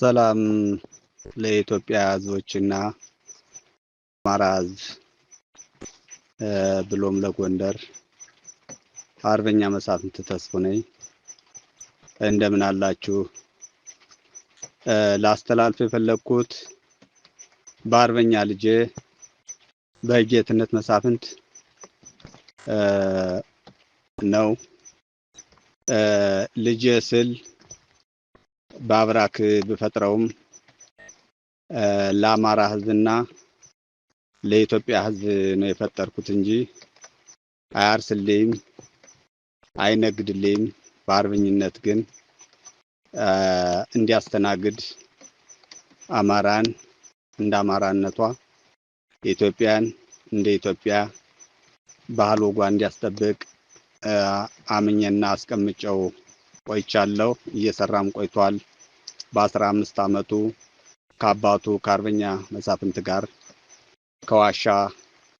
ሰላም ለኢትዮጵያ ሕዝቦችና አማራ ህዝብ ብሎም ለጎንደር አርበኛ መሳፍንት ተስፎ ነኝ። እንደምን አላችሁ? ላስተላልፍ የፈለግኩት በአርበኛ ልጄ በጌትነት መሳፍንት ነው። ልጄ ስል በአብራክ ብፈጥረውም ለአማራ ህዝብና ለኢትዮጵያ ህዝብ ነው የፈጠርኩት እንጂ አያርስልኝም፣ አይነግድልኝም። በአርበኝነት ግን እንዲያስተናግድ አማራን እንደ አማራነቷ ኢትዮጵያን እንደ ኢትዮጵያ ባህል ወጓ እንዲያስጠብቅ አምኜና አስቀምጨው ቆይቻለሁ። እየሰራም ቆይቷል። በአስራ አምስት ዓመቱ ከአባቱ ከአርበኛ መሳፍንት ጋር ከዋሻ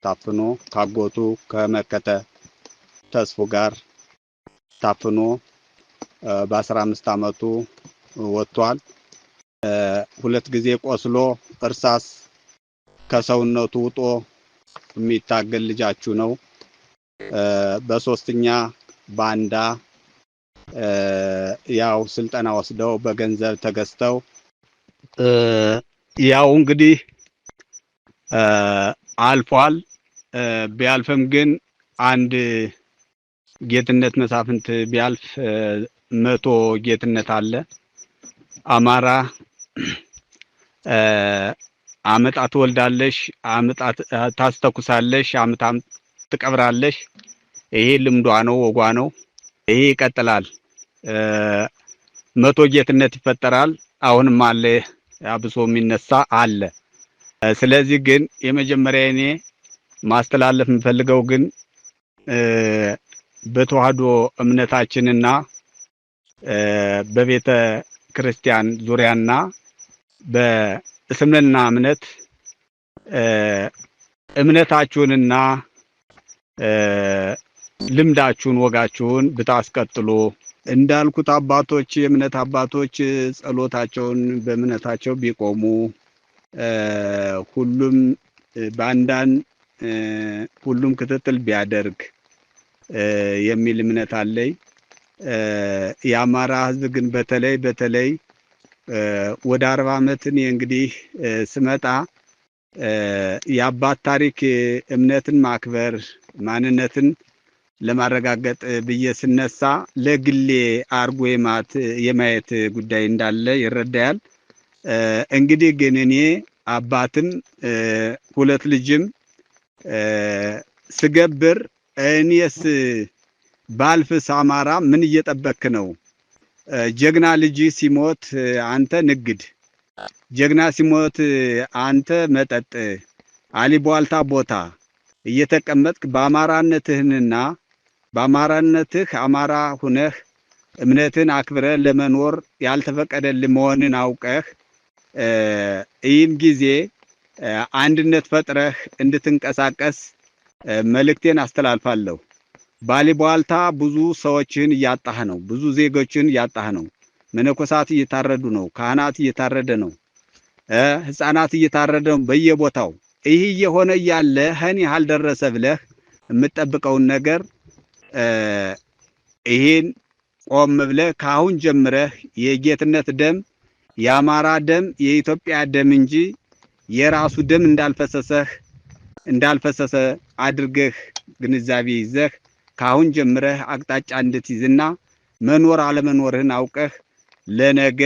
ታፍኖ ካጎቱ ከመከተ ተስፉ ጋር ታፍኖ በ15 ዓመቱ ወጥቷል። ሁለት ጊዜ ቆስሎ እርሳስ ከሰውነቱ ውጦ የሚታገል ልጃችሁ ነው። በሶስተኛ ባንዳ ያው ስልጠና ወስደው በገንዘብ ተገዝተው ያው እንግዲህ አልፏል። ቢያልፍም ግን አንድ ጌትነት መሳፍንት ቢያልፍ መቶ ጌትነት አለ። አማራ አመጣ ትወልዳለሽ፣ አመጣ ታስተኩሳለሽ፣ አመጣም ትቀብራለሽ። ይሄ ልምዷ ነው፣ ወጓ ነው። ይሄ ይቀጥላል። መቶ ጌትነት ይፈጠራል። አሁንም አለ አብሶ የሚነሳ አለ። ስለዚህ ግን የመጀመሪያ እኔ ማስተላለፍ የምፈልገው ግን በተዋህዶ እምነታችንና በቤተ ክርስቲያን ዙሪያና በእስልምና እምነት እምነታችሁንና ልምዳችሁን ወጋችሁን ብታስቀጥሉ እንዳልኩት አባቶች የእምነት አባቶች ጸሎታቸውን በእምነታቸው ቢቆሙ ሁሉም በአንዳንድ ሁሉም ክትትል ቢያደርግ የሚል እምነት አለኝ። የአማራ ሕዝብ ግን በተለይ በተለይ ወደ አርባ አመትን እንግዲህ ስመጣ የአባት ታሪክ እምነትን ማክበር ማንነትን ለማረጋገጥ ብዬ ስነሳ ለግሌ አርጎ የማት የማየት ጉዳይ እንዳለ ይረዳያል። እንግዲህ ግን እኔ አባትም ሁለት ልጅም ስገብር እኔስ ባልፍ ሳማራ ምን እየጠበክ ነው? ጀግና ልጅ ሲሞት አንተ ንግድ፣ ጀግና ሲሞት አንተ መጠጥ፣ አሊቧልታ ቦታ እየተቀመጥክ በአማራነትህንና በአማራነትህ አማራ ሁነህ እምነትን አክብረ ለመኖር ያልተፈቀደልህ መሆንን አውቀህ ይህም ጊዜ አንድነት ፈጥረህ እንድትንቀሳቀስ መልእክቴን አስተላልፋለሁ። ባሊቧልታ ብዙ ሰዎችን እያጣህ ነው። ብዙ ዜጎችን እያጣህ ነው። መነኮሳት እየታረዱ ነው። ካህናት እየታረደ ነው። ሕፃናት እየታረደ ነው በየቦታው። ይህ እየሆነ እያለ ህን ያህል ደረሰ ብለህ የምጠብቀውን ነገር ይህን ቆም ብለህ ከአሁን ጀምረህ የጌትነት ደም የአማራ ደም የኢትዮጵያ ደም እንጂ የራሱ ደም እንዳልፈሰሰህ እንዳልፈሰሰ አድርገህ ግንዛቤ ይዘህ ከአሁን ጀምረህ አቅጣጫ እንድትይዝና መኖር አለመኖርህን አውቀህ ለነገ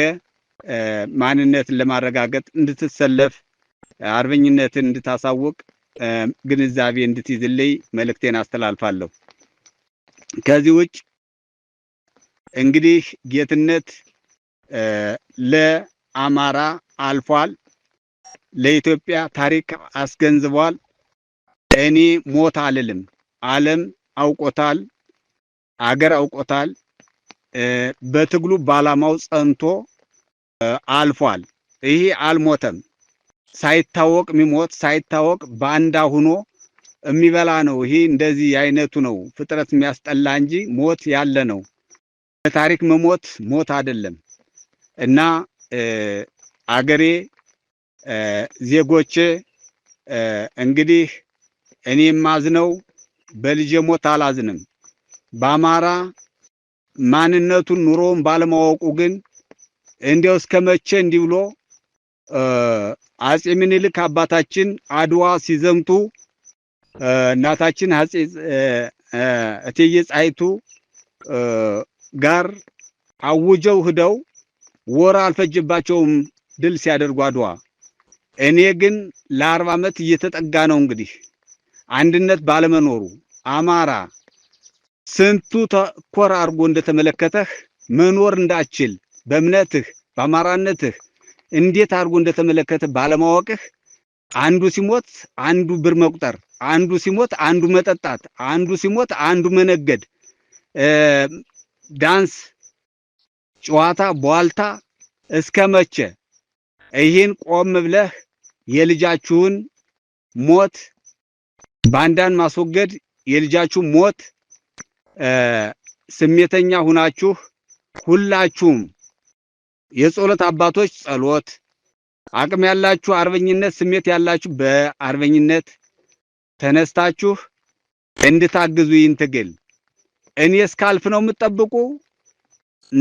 ማንነትን ለማረጋገጥ እንድትሰለፍ አርበኝነትን እንድታሳውቅ ግንዛቤ እንድትይዝልኝ መልእክቴን አስተላልፋለሁ። ከዚህ ውጭ እንግዲህ ጌትነት ለአማራ አልፏል፣ ለኢትዮጵያ ታሪክ አስገንዝቧል። እኔ ሞት አልልም። ዓለም አውቆታል፣ አገር አውቆታል። በትግሉ ባላማው ጸንቶ አልፏል። ይሄ አልሞተም። ሳይታወቅ ሚሞት ሳይታወቅ ባንዳ ሁኖ የሚበላ ነው። ይህ እንደዚህ አይነቱ ነው ፍጥረት የሚያስጠላ እንጂ ሞት ያለ ነው። በታሪክ መሞት ሞት አይደለም እና አገሬ ዜጎቼ እንግዲህ እኔ የማዝነው በልጄ ሞት አላዝንም። በአማራ ማንነቱን ኑሮውን ባለማወቁ ግን እንዲያው እስከ መቼ እንዲህ ብሎ አፄ ምኒልክ አባታችን አድዋ ሲዘምቱ እናታችን እቴጌ ጣይቱ ጋር አውጀው ሂደው ወር አልፈጀባቸውም ድል ሲያደርጉ አድዋ። እኔ ግን ለአርባ ዓመት እየተጠጋ ነው እንግዲህ አንድነት ባለመኖሩ አማራ ስንቱ ተኮር አድርጎ እንደተመለከተህ መኖር እንዳችል በእምነትህ በአማራነትህ እንዴት አድርጎ እንደተመለከተ ባለማወቅህ አንዱ ሲሞት አንዱ ብር መቁጠር፣ አንዱ ሲሞት አንዱ መጠጣት፣ አንዱ ሲሞት አንዱ መነገድ፣ ዳንስ፣ ጨዋታ፣ ቧልታ እስከ መቼ? ይህን ቆም ብለህ የልጃችሁን ሞት ባንዳን ማስወገድ የልጃችሁ ሞት ስሜተኛ ሁናችሁ ሁላችሁም የጸሎት አባቶች ጸሎት አቅም ያላችሁ አርበኝነት ስሜት ያላችሁ በአርበኝነት ተነስታችሁ እንድታግዙ ይህን ትግል እኔ እስካልፍ ነው የምትጠብቁ?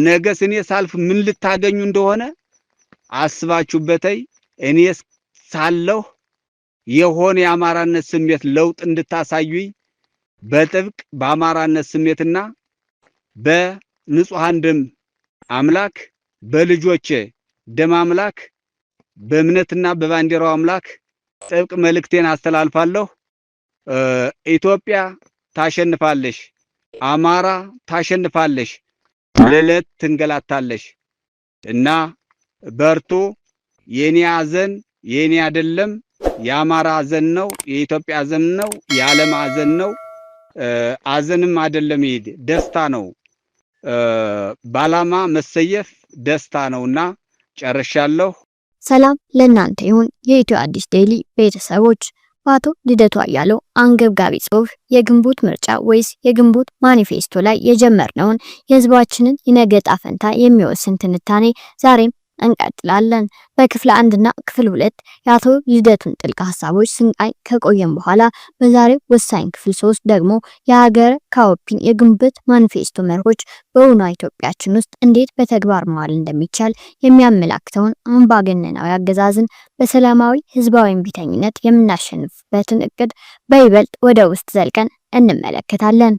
ነገስ እኔ ሳልፍ ምን ልታገኙ እንደሆነ አስባችሁበተይ እኔ ሳለሁ የሆነ የአማራነት ስሜት ለውጥ እንድታሳዩኝ በጥብቅ በአማራነት ስሜትና በንጹሐን ደም አምላክ በልጆቼ ደም አምላክ በእምነትና በባንዲራው አምላክ ጥብቅ መልእክቴን አስተላልፋለሁ። ኢትዮጵያ ታሸንፋለሽ፣ አማራ ታሸንፋለሽ፣ ልዕለት ትንገላታለሽ እና በርቱ። የኔ ሐዘን የኔ አይደለም፣ የአማራ ሐዘን ነው፣ የኢትዮጵያ ሐዘን ነው፣ የዓለም አዘን ነው። አዘንም አይደለም፣ ይሄድ ደስታ ነው። ባላማ መሰየፍ ደስታ ነውና ጨርሻለሁ። ሰላም ለእናንተ ይሁን የኢትዮ አዲስ ዴይሊ ቤተሰቦች። በአቶ ልደቱ አያሌው አንገብጋቢ ጽሁፍ የግንቦት ምርጫ ወይስ የግንቦት ማኒፌስቶ ላይ የጀመርነውን የህዝባችንን የነገ ዕጣ ፈንታ የሚወስን ትንታኔ ዛሬም እንቀጥላለን። በክፍል አንድና ክፍል ሁለት የአቶ ልደቱን ጥልቅ ሀሳቦች ስንቃይ ከቆየን በኋላ በዛሬ ወሳኝ ክፍል ሶስት ደግሞ የሀገር ካወፒን የግንቦት ማኒፌስቶ መርሆች በእውኗ ኢትዮጵያችን ውስጥ እንዴት በተግባር መዋል እንደሚቻል የሚያመላክተውን አምባገነናዊ አገዛዝን በሰላማዊ ህዝባዊ እምቢተኝነት የምናሸንፍበትን እቅድ በይበልጥ ወደ ውስጥ ዘልቀን እንመለከታለን።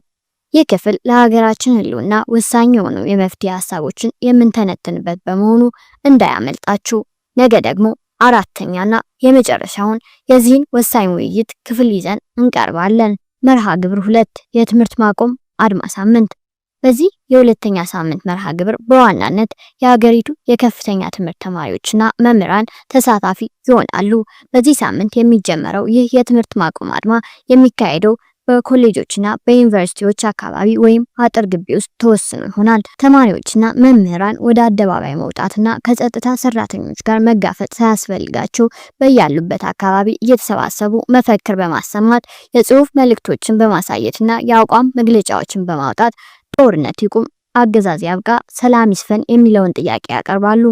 ይህ ክፍል ለሀገራችን ሕልውና ወሳኝ የሆኑ የመፍትሄ ሀሳቦችን የምንተነትንበት በመሆኑ እንዳያመልጣችሁ። ነገ ደግሞ አራተኛና የመጨረሻውን የዚህን ወሳኝ ውይይት ክፍል ይዘን እንቀርባለን። መርሃ ግብር ሁለት የትምህርት ማቆም አድማ ሳምንት። በዚህ የሁለተኛ ሳምንት መርሃ ግብር በዋናነት የሀገሪቱ የከፍተኛ ትምህርት ተማሪዎችና መምህራን ተሳታፊ ይሆናሉ። በዚህ ሳምንት የሚጀመረው ይህ የትምህርት ማቆም አድማ የሚካሄደው በኮሌጆችና በዩኒቨርሲቲዎች አካባቢ ወይም አጥር ግቢ ውስጥ ተወስኖ ይሆናል። ተማሪዎችና መምህራን ወደ አደባባይ መውጣትና ከጸጥታ ሰራተኞች ጋር መጋፈጥ ሳያስፈልጋቸው በያሉበት አካባቢ እየተሰባሰቡ መፈክር በማሰማት የጽሁፍ መልእክቶችን በማሳየትና የአቋም መግለጫዎችን በማውጣት ጦርነት ይቁም፣ አገዛዝ ያብቃ፣ ሰላም ይስፈን የሚለውን ጥያቄ ያቀርባሉ።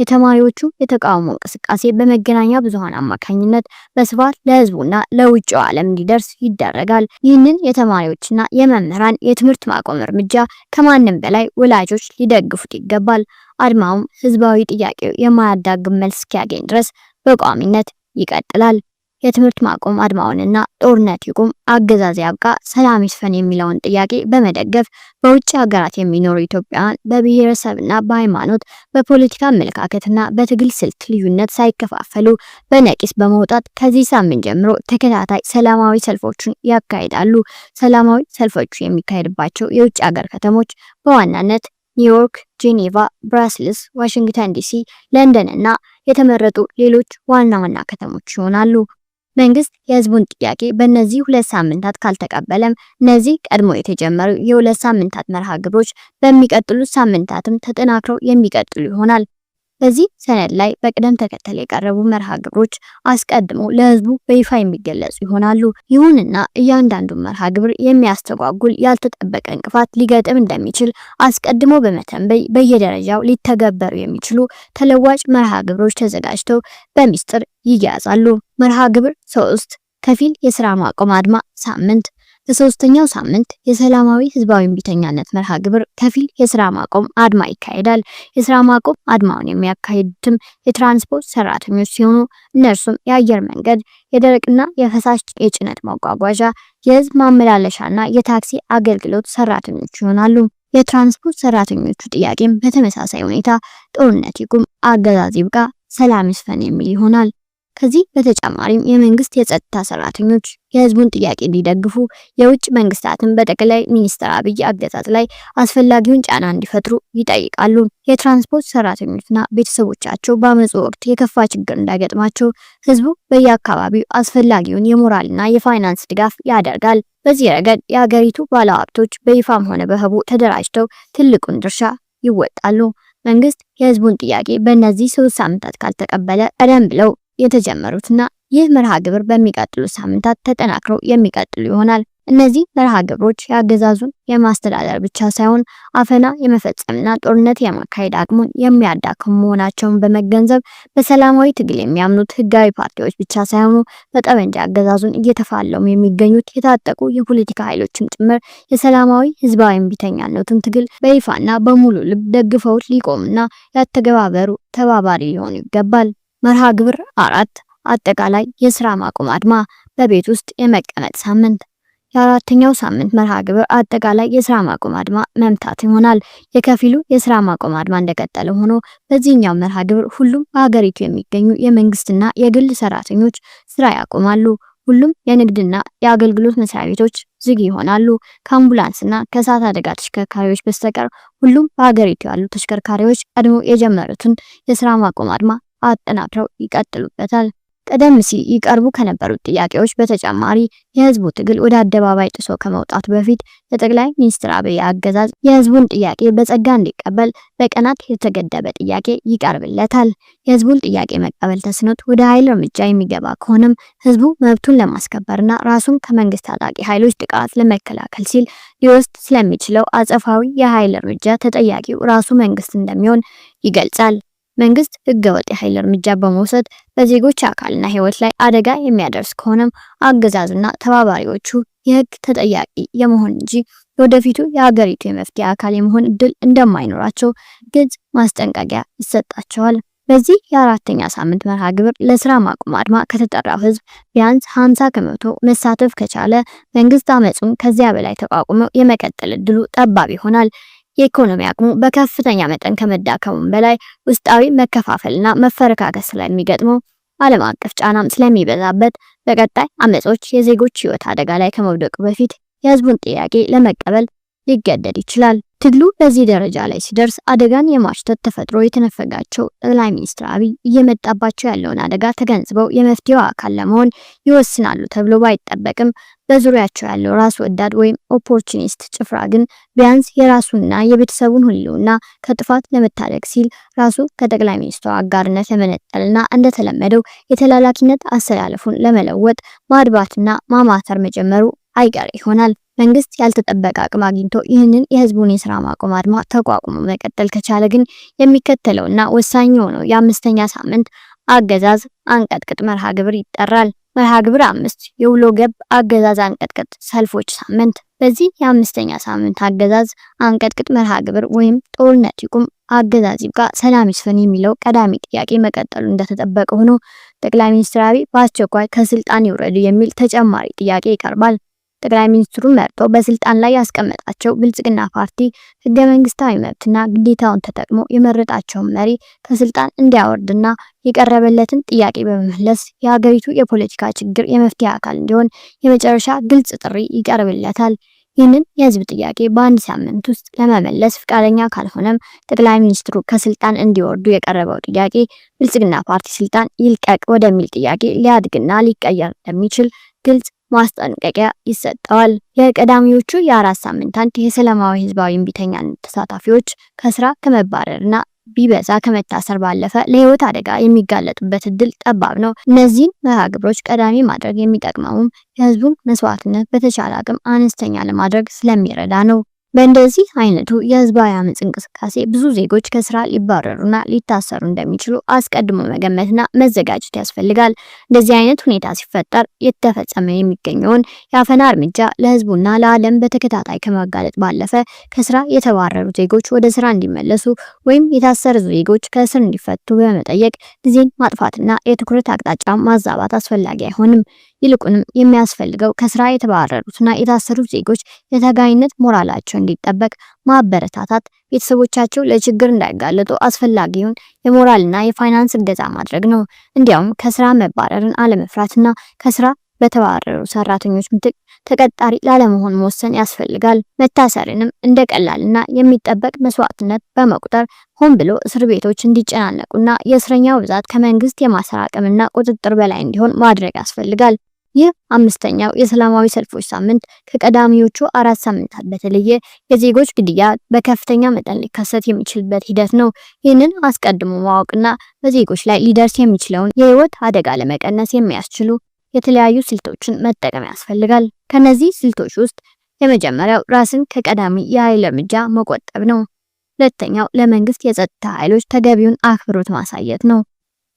የተማሪዎቹ የተቃውሞ እንቅስቃሴ በመገናኛ ብዙሃን አማካኝነት በስፋት ለህዝቡና ለውጭው ዓለም እንዲደርስ ይደረጋል። ይህንን የተማሪዎችና የመምህራን የትምህርት ማቆም እርምጃ ከማንም በላይ ወላጆች ሊደግፉት ይገባል። አድማውም ህዝባዊ ጥያቄው የማያዳግም መልስ እስኪያገኝ ድረስ በቋሚነት ይቀጥላል። የትምህርት ማቆም አድማውንና ጦርነት ይቁም፣ አገዛዝ ያብቃ፣ ሰላም ይስፈን የሚለውን ጥያቄ በመደገፍ በውጭ ሀገራት የሚኖሩ ኢትዮጵያውያን በብሔረሰብና በሃይማኖት በፖለቲካ አመለካከትና በትግል ስልት ልዩነት ሳይከፋፈሉ በነቂስ በመውጣት ከዚህ ሳምንት ጀምሮ ተከታታይ ሰላማዊ ሰልፎችን ያካሂዳሉ። ሰላማዊ ሰልፎቹ የሚካሄድባቸው የውጭ ሀገር ከተሞች በዋናነት ኒውዮርክ፣ ጄኔቫ፣ ብራስልስ፣ ዋሽንግተን ዲሲ፣ ለንደን እና የተመረጡ ሌሎች ዋና ዋና ከተሞች ይሆናሉ። መንግስት የህዝቡን ጥያቄ በእነዚህ ሁለት ሳምንታት ካልተቀበለም እነዚህ ቀድሞ የተጀመሩ የሁለት ሳምንታት መርሃ ግብሮች በሚቀጥሉት ሳምንታትም ተጠናክረው የሚቀጥሉ ይሆናል። በዚህ ሰነድ ላይ በቅደም ተከተል የቀረቡ መርሃ ግብሮች አስቀድሞ ለህዝቡ በይፋ የሚገለጹ ይሆናሉ። ይሁንና እያንዳንዱ መርሃ ግብር የሚያስተጓጉል ያልተጠበቀ እንቅፋት ሊገጥም እንደሚችል አስቀድሞ በመተንበይ በየደረጃው ሊተገበሩ የሚችሉ ተለዋጭ መርሃ ግብሮች ተዘጋጅተው በሚስጥር ይያዛሉ። መርሃ ግብር ሶስት ከፊል የስራ ማቆም አድማ ሳምንት በሶስተኛው ሳምንት የሰላማዊ ህዝባዊ እምቢተኛነት መርሃ ግብር ከፊል የስራ ማቆም አድማ ይካሄዳል። የስራ ማቆም አድማውን የሚያካሂዱትም የትራንስፖርት ሰራተኞች ሲሆኑ እነርሱም የአየር መንገድ፣ የደረቅና የፈሳሽ የጭነት ማጓጓዣ፣ የህዝብ ማመላለሻና የታክሲ አገልግሎት ሰራተኞች ይሆናሉ። የትራንስፖርት ሰራተኞቹ ጥያቄም በተመሳሳይ ሁኔታ ጦርነት ይቁም፣ አገዛዝ ይብቃ፣ ሰላም ይስፈን የሚል ይሆናል። ከዚህ በተጨማሪም የመንግስት የጸጥታ ሰራተኞች የህዝቡን ጥያቄ እንዲደግፉ የውጭ መንግስታትን በጠቅላይ ሚኒስትር አብይ አገዛዝ ላይ አስፈላጊውን ጫና እንዲፈጥሩ ይጠይቃሉ። የትራንስፖርት ሰራተኞችና ቤተሰቦቻቸው በአመፁ ወቅት የከፋ ችግር እንዳይገጥማቸው ህዝቡ በየአካባቢው አስፈላጊውን የሞራልና የፋይናንስ ድጋፍ ያደርጋል። በዚህ ረገድ የሀገሪቱ ባለሀብቶች በይፋም ሆነ በህቡ ተደራጅተው ትልቁን ድርሻ ይወጣሉ። መንግስት የህዝቡን ጥያቄ በእነዚህ ሶስት ሳምንታት ካልተቀበለ ቀደም ብለው የተጀመሩትና ይህ መርሃ ግብር በሚቀጥሉት ሳምንታት ተጠናክረው የሚቀጥሉ ይሆናል። እነዚህ መርሃ ግብሮች የአገዛዙን የማስተዳደር ብቻ ሳይሆን አፈና የመፈጸምና ጦርነት የማካሄድ አቅሙን የሚያዳክሙ መሆናቸውን በመገንዘብ በሰላማዊ ትግል የሚያምኑት ህጋዊ ፓርቲዎች ብቻ ሳይሆኑ በጠመንጃ አገዛዙን እየተፋለሙ የሚገኙት የታጠቁ የፖለቲካ ኃይሎችም ጭምር የሰላማዊ ህዝባዊ እምቢተኛነቱን ትግል በይፋና በሙሉ ልብ ደግፈውት ሊቆሙና ያተገባበሩ ተባባሪ ሊሆኑ ይገባል። መርሃ ግብር አራት አጠቃላይ የስራ ማቆም አድማ፣ በቤት ውስጥ የመቀመጥ ሳምንት። የአራተኛው ሳምንት መርሃ ግብር አጠቃላይ የስራ ማቆም አድማ መምታት ይሆናል። የከፊሉ የስራ ማቆም አድማ እንደቀጠለ ሆኖ በዚህኛው መርሃ ግብር ሁሉም በሀገሪቱ የሚገኙ የመንግስትና የግል ሰራተኞች ስራ ያቆማሉ። ሁሉም የንግድና የአገልግሎት መስሪያ ቤቶች ዝግ ይሆናሉ። ከአምቡላንስና ከእሳት አደጋ ተሽከርካሪዎች በስተቀር ሁሉም በሀገሪቱ ያሉ ተሽከርካሪዎች ቀድሞ የጀመሩትን የስራ ማቆም አድማ አጠናክረው ይቀጥሉበታል። ቀደም ሲል ይቀርቡ ከነበሩት ጥያቄዎች በተጨማሪ የህዝቡ ትግል ወደ አደባባይ ጥሶ ከመውጣቱ በፊት ለጠቅላይ ሚኒስትር አብይ አገዛዝ የህዝቡን ጥያቄ በጸጋ እንዲቀበል በቀናት የተገደበ ጥያቄ ይቀርብለታል። የህዝቡን ጥያቄ መቀበል ተስኖት ወደ ኃይል እርምጃ የሚገባ ከሆነም ህዝቡ መብቱን ለማስከበርና ራሱን ከመንግስት ታጣቂ ኃይሎች ጥቃት ለመከላከል ሲል ሊወስድ ስለሚችለው አጸፋዊ የኃይል እርምጃ ተጠያቂው ራሱ መንግስት እንደሚሆን ይገልጻል። መንግስት ህገወጥ የኃይል እርምጃ በመውሰድ በዜጎች አካልና ህይወት ላይ አደጋ የሚያደርስ ከሆነም አገዛዙና ተባባሪዎቹ የህግ ተጠያቂ የመሆን እንጂ ወደፊቱ የሀገሪቱ የመፍትሄ አካል የመሆን እድል እንደማይኖራቸው ግልጽ ማስጠንቀቂያ ይሰጣቸዋል። በዚህ የአራተኛ ሳምንት መርሃ ግብር ለስራ ማቆም አድማ ከተጠራው ህዝብ ቢያንስ 50 ከመቶ መሳተፍ ከቻለ መንግስት አመፁን ከዚያ በላይ ተቋቁመው የመቀጠል እድሉ ጠባብ ይሆናል። የኢኮኖሚ አቅሙ በከፍተኛ መጠን ከመዳከሙም በላይ ውስጣዊ መከፋፈልና መፈረካከስ ስለሚገጥመው ዓለም አቀፍ ጫናም ስለሚበዛበት በቀጣይ አመጾች የዜጎች ህይወት አደጋ ላይ ከመውደቁ በፊት የህዝቡን ጥያቄ ለመቀበል ሊገደድ ይችላል። ትግሉ በዚህ ደረጃ ላይ ሲደርስ አደጋን የማሽተት ተፈጥሮ የተነፈጋቸው ጠቅላይ ሚኒስትር አብይ እየመጣባቸው ያለውን አደጋ ተገንዝበው የመፍትሄው አካል ለመሆን ይወስናሉ ተብሎ ባይጠበቅም በዙሪያቸው ያለው ራስ ወዳድ ወይም ኦፖርቹኒስት ጭፍራ ግን ቢያንስ የራሱና የቤተሰቡን ሕልውና ከጥፋት ለመታደግ ሲል ራሱ ከጠቅላይ ሚኒስትሩ አጋርነት ለመነጠልና እንደተለመደው የተላላኪነት አሰላለፉን ለመለወጥ ማድባትና ማማተር መጀመሩ አይቀር ይሆናል። መንግስት ያልተጠበቀ አቅም አግኝቶ ይህንን የህዝቡን የስራ ማቆም አድማ ተቋቁሞ መቀጠል ከቻለ ግን የሚከተለውና ወሳኝ የሆነው የአምስተኛ ሳምንት አገዛዝ አንቀጥቅጥ መርሃ ግብር ይጠራል። መርሃ ግብር አምስት የውሎ ገብ አገዛዝ አንቀጥቅጥ ሰልፎች ሳምንት። በዚህ የአምስተኛ ሳምንት አገዛዝ አንቀጥቅጥ መርሃ ግብር ወይም ጦርነት ይቁም፣ አገዛዝ ይብቃ፣ ሰላም ይስፍን የሚለው ቀዳሚ ጥያቄ መቀጠሉ እንደተጠበቀ ሆኖ ጠቅላይ ሚኒስትር አብይ በአስቸኳይ ከስልጣን ይውረዱ የሚል ተጨማሪ ጥያቄ ይቀርባል። ጠቅላይ ሚኒስትሩን መርጦ በስልጣን ላይ ያስቀመጣቸው ብልጽግና ፓርቲ ህገ መንግስታዊ መብትና ግዴታውን ተጠቅሞ የመረጣቸውን መሪ ከስልጣን እንዲያወርድና የቀረበለትን ጥያቄ በመመለስ የሀገሪቱ የፖለቲካ ችግር የመፍትሄ አካል እንዲሆን የመጨረሻ ግልጽ ጥሪ ይቀርብለታል። ይህንን የህዝብ ጥያቄ በአንድ ሳምንት ውስጥ ለመመለስ ፍቃደኛ ካልሆነም ጠቅላይ ሚኒስትሩ ከስልጣን እንዲወርዱ የቀረበው ጥያቄ ብልጽግና ፓርቲ ስልጣን ይልቀቅ ወደሚል ጥያቄ ሊያድግና ሊቀየር እንደሚችል ግልጽ ማስጠንቀቂያ ይሰጠዋል። የቀዳሚዎቹ የአራት ሳምንታት የሰላማዊ ህዝባዊ እምቢተኛነት ተሳታፊዎች ከስራ ከመባረርና ቢበዛ ከመታሰር ባለፈ ለህይወት አደጋ የሚጋለጡበት እድል ጠባብ ነው። እነዚህን መርሃ ግብሮች ቀዳሚ ማድረግ የሚጠቅመውም የህዝቡን መስዋዕትነት በተቻለ አቅም አነስተኛ ለማድረግ ስለሚረዳ ነው። በእንደዚህ አይነቱ የህዝባዊ አመፅ እንቅስቃሴ ብዙ ዜጎች ከስራ ሊባረሩና ሊታሰሩ እንደሚችሉ አስቀድሞ መገመትና መዘጋጀት ያስፈልጋል። እንደዚህ አይነት ሁኔታ ሲፈጠር የተፈጸመ የሚገኘውን የአፈና እርምጃ ለህዝቡና ለዓለም በተከታታይ ከማጋለጥ ባለፈ ከስራ የተባረሩ ዜጎች ወደ ስራ እንዲመለሱ ወይም የታሰሩ ዜጎች ከእስር እንዲፈቱ በመጠየቅ ጊዜን ማጥፋትና የትኩረት አቅጣጫ ማዛባት አስፈላጊ አይሆንም። ይልቁንም የሚያስፈልገው ከስራ የተባረሩትና የታሰሩት ዜጎች የተጋይነት ሞራላቸው እንዲጠበቅ ማበረታታት፣ ቤተሰቦቻቸው ለችግር እንዳይጋለጡ አስፈላጊውን የሞራልና የፋይናንስ እገዛ ማድረግ ነው። እንዲያውም ከስራ መባረርን አለመፍራትና ከስራ በተባረሩ ሰራተኞች ምትክ ተቀጣሪ ላለመሆን መወሰን ያስፈልጋል። መታሰርንም እንደ ቀላልና የሚጠበቅ መስዋዕትነት በመቁጠር ሆን ብሎ እስር ቤቶች እንዲጨናነቁና የእስረኛው ብዛት ከመንግስት የማሰራቀምና ቁጥጥር በላይ እንዲሆን ማድረግ ያስፈልጋል። ይህ አምስተኛው የሰላማዊ ሰልፎች ሳምንት ከቀዳሚዎቹ አራት ሳምንታት በተለየ የዜጎች ግድያ በከፍተኛ መጠን ሊከሰት የሚችልበት ሂደት ነው። ይህንን አስቀድሞ ማወቅና በዜጎች ላይ ሊደርስ የሚችለውን የህይወት አደጋ ለመቀነስ የሚያስችሉ የተለያዩ ስልቶችን መጠቀም ያስፈልጋል። ከነዚህ ስልቶች ውስጥ የመጀመሪያው ራስን ከቀዳሚ የኃይል እርምጃ መቆጠብ ነው። ሁለተኛው ለመንግስት የጸጥታ ኃይሎች ተገቢውን አክብሮት ማሳየት ነው።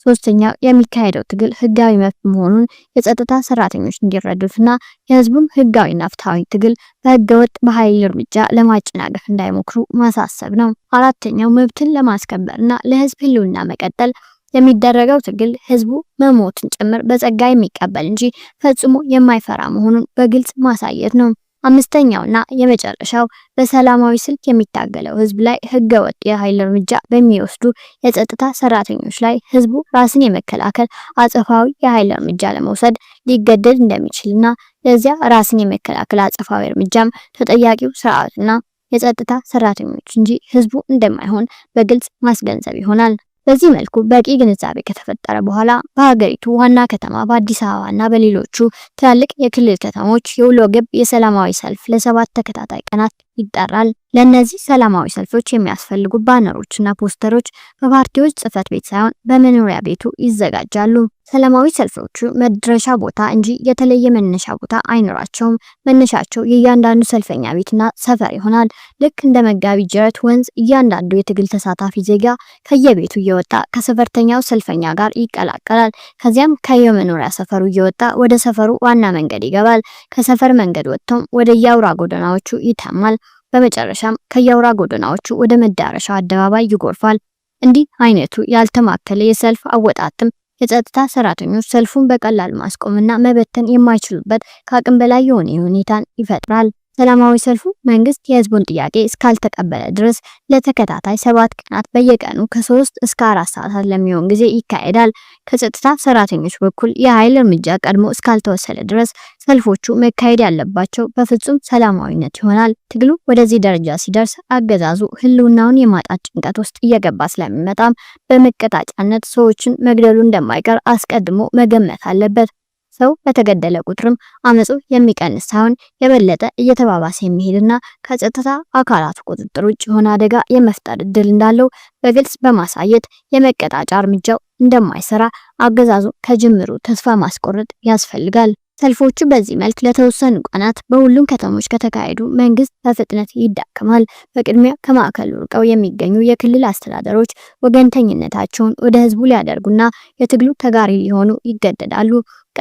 ሶስተኛው የሚካሄደው ትግል ህጋዊ መብት መሆኑን የጸጥታ ሰራተኞች እንዲረዱትና የህዝቡም ህጋዊና ፍትሐዊ ትግል በህገወጥ በኃይል እርምጃ ለማጨናገፍ እንዳይሞክሩ ማሳሰብ ነው። አራተኛው መብትን ለማስከበርና ለህዝብ ህልውና መቀጠል የሚደረገው ትግል ህዝቡ መሞትን ጭምር በጸጋ የሚቀበል እንጂ ፈጽሞ የማይፈራ መሆኑን በግልጽ ማሳየት ነው። አምስተኛውና የመጨረሻው በሰላማዊ ስልክ የሚታገለው ህዝብ ላይ ህገወጥ የኃይል እርምጃ በሚወስዱ የጸጥታ ሰራተኞች ላይ ህዝቡ ራስን የመከላከል አጸፋዊ የኃይል እርምጃ ለመውሰድ ሊገደድ እንደሚችልና ለዚያ ራስን የመከላከል አጸፋዊ እርምጃም ተጠያቂው ስርዓትና የጸጥታ ሰራተኞች እንጂ ህዝቡ እንደማይሆን በግልጽ ማስገንዘብ ይሆናል። በዚህ መልኩ በቂ ግንዛቤ ከተፈጠረ በኋላ በሀገሪቱ ዋና ከተማ በአዲስ አበባ እና በሌሎቹ ትላልቅ የክልል ከተሞች የውሎ ግብ የሰላማዊ ሰልፍ ለሰባት ተከታታይ ቀናት ይጠራል። ለእነዚህ ሰላማዊ ሰልፎች የሚያስፈልጉ ባነሮችና ፖስተሮች በፓርቲዎች ጽህፈት ቤት ሳይሆን በመኖሪያ ቤቱ ይዘጋጃሉ። ሰላማዊ ሰልፎቹ መድረሻ ቦታ እንጂ የተለየ መነሻ ቦታ አይኖራቸውም። መነሻቸው የእያንዳንዱ ሰልፈኛ ቤትና ሰፈር ይሆናል። ልክ እንደ መጋቢ ጅረት ወንዝ እያንዳንዱ የትግል ተሳታፊ ዜጋ ከየቤቱ እየወጣ ከሰፈርተኛው ሰልፈኛ ጋር ይቀላቀላል። ከዚያም ከየመኖሪያ ሰፈሩ እየወጣ ወደ ሰፈሩ ዋና መንገድ ይገባል። ከሰፈር መንገድ ወጥቶም ወደ የአውራ ጎዳናዎቹ ይተማል። በመጨረሻም ከየአውራ ጎዳናዎቹ ወደ መዳረሻው አደባባይ ይጎርፋል። እንዲህ አይነቱ ያልተማከለ የሰልፍ አወጣጥም የጸጥታ ሰራተኞች ሰልፉን በቀላል ማስቆምና መበተን የማይችሉበት ከአቅም በላይ የሆነ ሁኔታን ይፈጥራል። ሰላማዊ ሰልፉ መንግስት የህዝቡን ጥያቄ እስካልተቀበለ ድረስ ለተከታታይ ሰባት ቀናት በየቀኑ ከሶስት እስከ አራት ሰዓታት ለሚሆን ጊዜ ይካሄዳል። ከጸጥታ ሰራተኞች በኩል የኃይል እርምጃ ቀድሞ እስካልተወሰደ ድረስ ሰልፎቹ መካሄድ ያለባቸው በፍጹም ሰላማዊነት ይሆናል። ትግሉ ወደዚህ ደረጃ ሲደርስ አገዛዙ ህልውናውን የማጣት ጭንቀት ውስጥ እየገባ ስለሚመጣም በመቀጣጫነት ሰዎችን መግደሉ እንደማይቀር አስቀድሞ መገመት አለበት። ሰው በተገደለ ቁጥርም አመፁ የሚቀንስ ሳይሆን የበለጠ እየተባባሰ የሚሄድና ከጸጥታ አካላት ቁጥጥር ውጭ የሆነ አደጋ የመፍጠር እድል እንዳለው በግልጽ በማሳየት የመቀጣጫ እርምጃው እንደማይሰራ አገዛዙ ከጅምሩ ተስፋ ማስቆረጥ ያስፈልጋል። ሰልፎቹ በዚህ መልክ ለተወሰኑ ቀናት በሁሉም ከተሞች ከተካሄዱ መንግስት በፍጥነት ይዳከማል። በቅድሚያ ከማዕከሉ ርቀው የሚገኙ የክልል አስተዳደሮች ወገንተኝነታቸውን ወደ ህዝቡ ሊያደርጉና የትግሉ ተጋሪ ሊሆኑ ይገደዳሉ።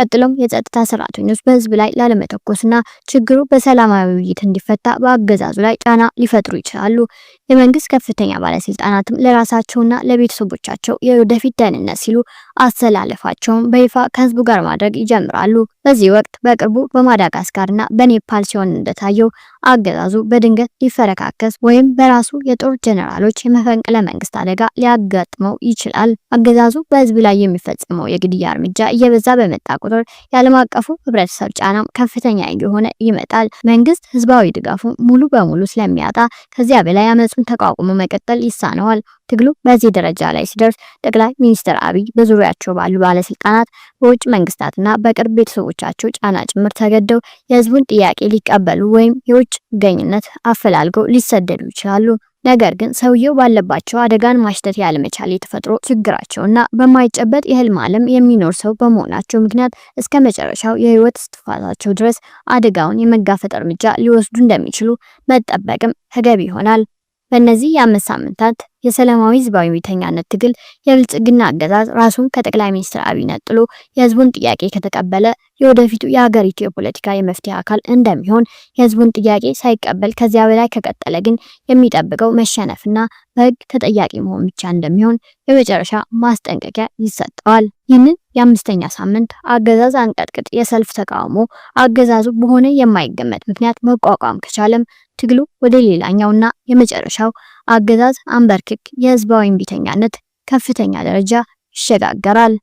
ቀጥሎም የጸጥታ ሰራተኞች በህዝብ ላይ ላለመተኮስና ችግሩ በሰላማዊ ውይይት እንዲፈታ በአገዛዙ ላይ ጫና ሊፈጥሩ ይችላሉ። የመንግስት ከፍተኛ ባለስልጣናትም ለራሳቸውና ለቤተሰቦቻቸው የወደፊት ደህንነት ሲሉ አሰላለፋቸውን በይፋ ከህዝቡ ጋር ማድረግ ይጀምራሉ። በዚህ ወቅት በቅርቡ በማዳጋስካርና በኔፓል ሲሆን እንደታየው አገዛዙ በድንገት ሊፈረካከስ ወይም በራሱ የጦር ጀነራሎች የመፈንቅለ መንግስት አደጋ ሊያጋጥመው ይችላል። አገዛዙ በህዝብ ላይ የሚፈጸመው የግድያ እርምጃ እየበዛ በመጣ ቁጥር የዓለም አቀፉ ህብረተሰብ ጫናም ከፍተኛ እየሆነ ይመጣል። መንግስት ህዝባዊ ድጋፉ ሙሉ በሙሉ ስለሚያጣ ከዚያ በላይ አመፁን ተቋቁሞ መቀጠል ይሳነዋል። ትግሉ በዚህ ደረጃ ላይ ሲደርስ ጠቅላይ ሚኒስትር አብይ በዙሪያቸው ባሉ ባለስልጣናት፣ በውጭ መንግስታትና በቅርብ ቤተሰቦቻቸው ጫና ጭምር ተገደው የህዝቡን ጥያቄ ሊቀበሉ ወይም የውጭ ገኝነት አፈላልገው ሊሰደዱ ይችላሉ። ነገር ግን ሰውየው ባለባቸው አደጋን ማሽተት ያለመቻል የተፈጥሮ ችግራቸውና በማይጨበጥ የህልም ዓለም የሚኖር ሰው በመሆናቸው ምክንያት እስከ መጨረሻው የህይወት እስትንፋሳቸው ድረስ አደጋውን የመጋፈጥ እርምጃ ሊወስዱ እንደሚችሉ መጠበቅም ተገቢ ይሆናል። በእነዚህ የአምስት ሳምንታት የሰላማዊ ህዝባዊ ሚተኛነት ትግል የብልጽግና አገዛዝ ራሱን ከጠቅላይ ሚኒስትር አብይ ነጥሎ የህዝቡን ጥያቄ ከተቀበለ የወደፊቱ የሀገሪቱ የፖለቲካ የመፍትሄ አካል እንደሚሆን፣ የህዝቡን ጥያቄ ሳይቀበል ከዚያ በላይ ከቀጠለ ግን የሚጠብቀው መሸነፍና በህግ ተጠያቂ መሆን ብቻ እንደሚሆን የመጨረሻ ማስጠንቀቂያ ይሰጠዋል። ይህንን የአምስተኛ ሳምንት አገዛዝ አንቀጥቅጥ የሰልፍ ተቃውሞ አገዛዙ በሆነ የማይገመት ምክንያት መቋቋም ከቻለም ትግሉ ወደ ሌላኛውና የመጨረሻው አገዛዝ አንበርክክ የህዝባዊ እምቢተኛነት ከፍተኛ ደረጃ ይሸጋገራል።